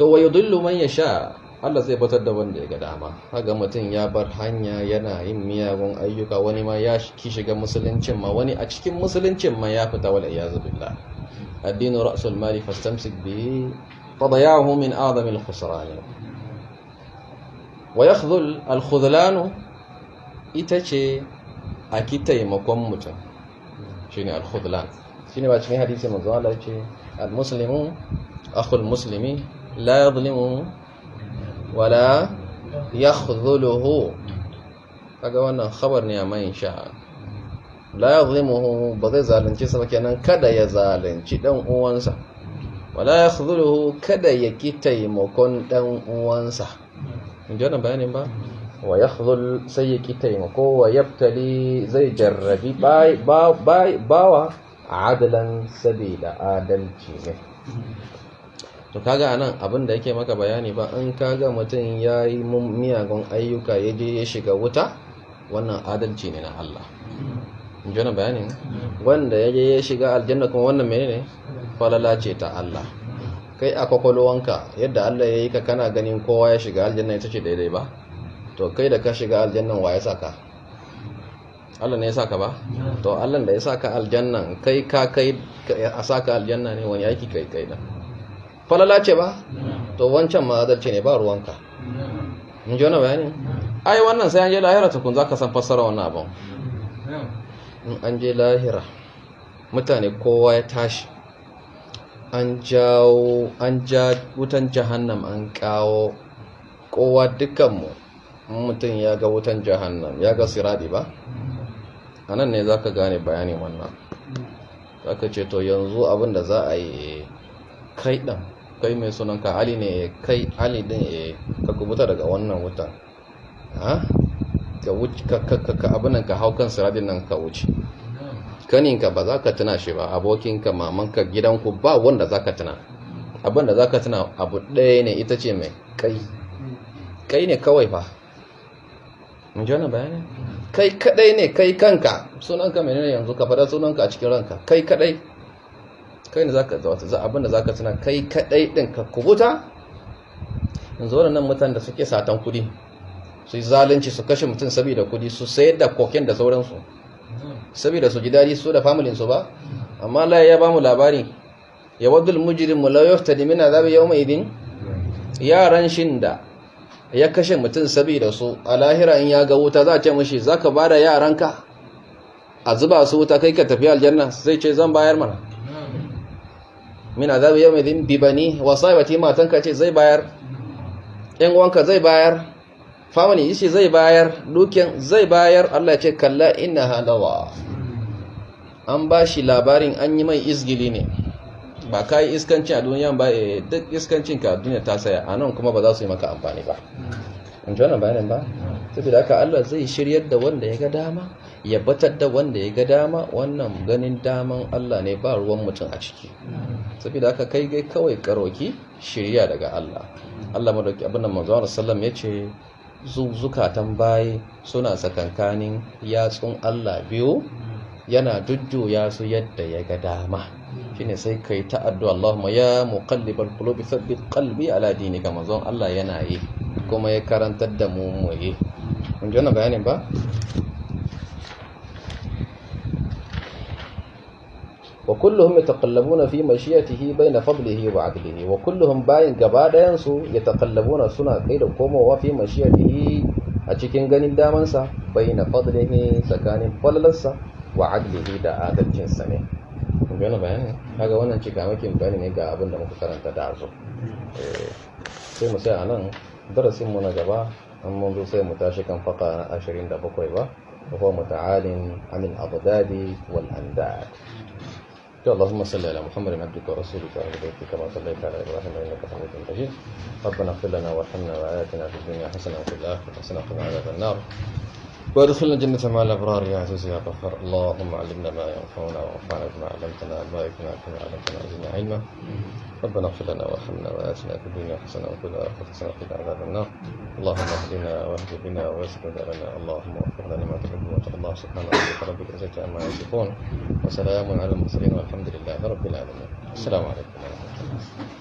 to wa yudillu man sha. Allah zai batar da wanda ya ga dama haga mutum ya bar hanya yana yin miyagun ayyuka wani ma ya ki shiga musuluncin ma wani a cikin musuluncin ma ya fita wal iyazu billah addinu ra'sul mali fastamsik bi fadayahu min a'zami al khusran wa yakhdhul al khudlan ita ce a ki taimakon mutum shine al khudlan shine ba cikin hadisi manzo Allah ce al muslimu akhul muslimi la yadhlimu wala a kaga wannan khabar ne a mayan insha la yadhimuhu ba zai zalunci sa kenan kada ya zalunci dan uwansa wala zuluhu kada ya taimakon dan uwansa in ji wannan bayanin ba wa zul sai ya taimako wa yabtali zai jarrabi bawa adalan sabida adalci ne to kaga anan abin da yake maka bayani ba in kaga mutum ya yi miyagun ayyuka ya je ya shiga wuta wannan adalci ne na Allah in ji wani bayani wanda ya je ya shiga aljanna kuma wannan mene ne falala ce ta Allah kai a kwakwalwanka yadda Allah ya yi ka kana ganin kowa ya shiga aljanna ita ce daidai ba to kai da ka shiga aljannan wa ya saka Allah ne ya saka ba to Allah da ya saka aljannan kai ka kai a saka aljanna ne wani aiki kai kai da falala ce ba to wancan ma adalci ne ba ruwanka in ji wani bayani ai wannan sai an je lahira tukun za ka san fassara wannan abin in an je lahira mutane kowa ya tashi an jawo an ja wutan jahannam an kawo kowa dukkanmu mutum ya ga wutan jahannam ya ga siradi ba a nan ne za ka gane bayanin wannan za ka ce to yanzu abin da za a yi kai ɗan kai mai sunanka ali ne eh, kai ali din eh ka kubuta daga wannan wutan ha ka wuce ka ka abinan ka hau kan siradin nan ka wuce kaninka ba za ka tuna shi ba abokinka gidan gidanku ba wanda za ka tuna da za ka tuna abu ɗaya ne ita ce mai kai kai ne kawai ba mun ji wannan bayani kai kadai ne kai kanka sunanka menene yanzu ka faɗa sunanka a cikin ranka kai kadai kai ne zaka wata za abinda zaka tuna kai kadai din ka kubuta yanzu nan mutanen da suke satan kudi su zalunci su kashe mutum saboda kudi su sayar da koken da sauransu saboda su ji daɗi su da familin su ba amma Allah ya ba mu labari ya wadul mujrim la yuftadi min azabi yawma idin yaran shin da ya kashe mutum saboda su a lahira in ya ga wuta za a ce mishi zaka bada yaranka a zuba su wuta kai ka tafi aljanna sai ce zan bayar mana min azabi yawmin bibani wa sahibati matanka ce zai bayar ɗan uwanka zai bayar famani yace zai bayar dukiyan zai bayar Allah ya ce kalla inna hadawa an ba shi labarin an yi mai isgili ne ba ka iskanci a duniya ba e duk iskancin ka duniya ta saya a nan kuma ba za su yi maka amfani ba in ji wannan bayanin ba saboda haka Allah zai shiryar da wanda ya ga dama ya batar da wanda ya ga dama wannan ganin daman Allah ne ba ruwan mutum a ciki saboda haka kai gai kawai karoki shirya daga Allah Allah madauki abin da manzo Allah sallam yace zukatan bayi suna sakankanin yatsun Allah biyu yana jujjuya su yadda ya ga dama shine sai kai ta addu'a Allahumma ya muqallibal qulubi thabbit qalbi ala dinika manzon Allah yana yi kuma ya karantar da mu mu yi mun ji wannan bayanin ba وكلهم يتقلبون في مشيئته بين فضله وعدله وكلهم باين غبا داyansu يتقلبون suna kai da komowa fi mashiyatihi a cikin ganin damansa baina fadlihi tsakanin falalarsa wa adlihi da adalcin sa ne gane bayani kaga wannan cika makin bayani ne ga abin da muka karanta da azu sai mu sai anan darasin mu na gaba an mun zo sai mu tashi kan faka 27 ba ko muta'alin anil abdadi wal andad اللهم صل على محمد عبدك ورسولك وعلى بيتك كما صليت على إبراهيم إنك حميد مجيد ربنا اغفر لنا وارحمنا وآتنا في الدنيا حسنة وفي الآخرة حسنة وقنا عذاب النار وادخلنا جنة مع الأبرار يا عزيز يا غفر اللهم علمنا ما ينفعنا وانفعنا بما علمتنا وباركنا كما علمتنا وزدنا علما ربنا اغفر لنا وارحمنا وآتنا في الدنيا حسنة وفي الآخرة حسنة وقنا عذاب النار اللهم اهدنا واهد بنا ويسر لنا اللهم وفقنا لما تحب وترضى الله سبحانه وتعالى رب العزة عما يصفون وسلام على المرسلين والحمد لله رب العالمين السلام عليكم ورحمة الله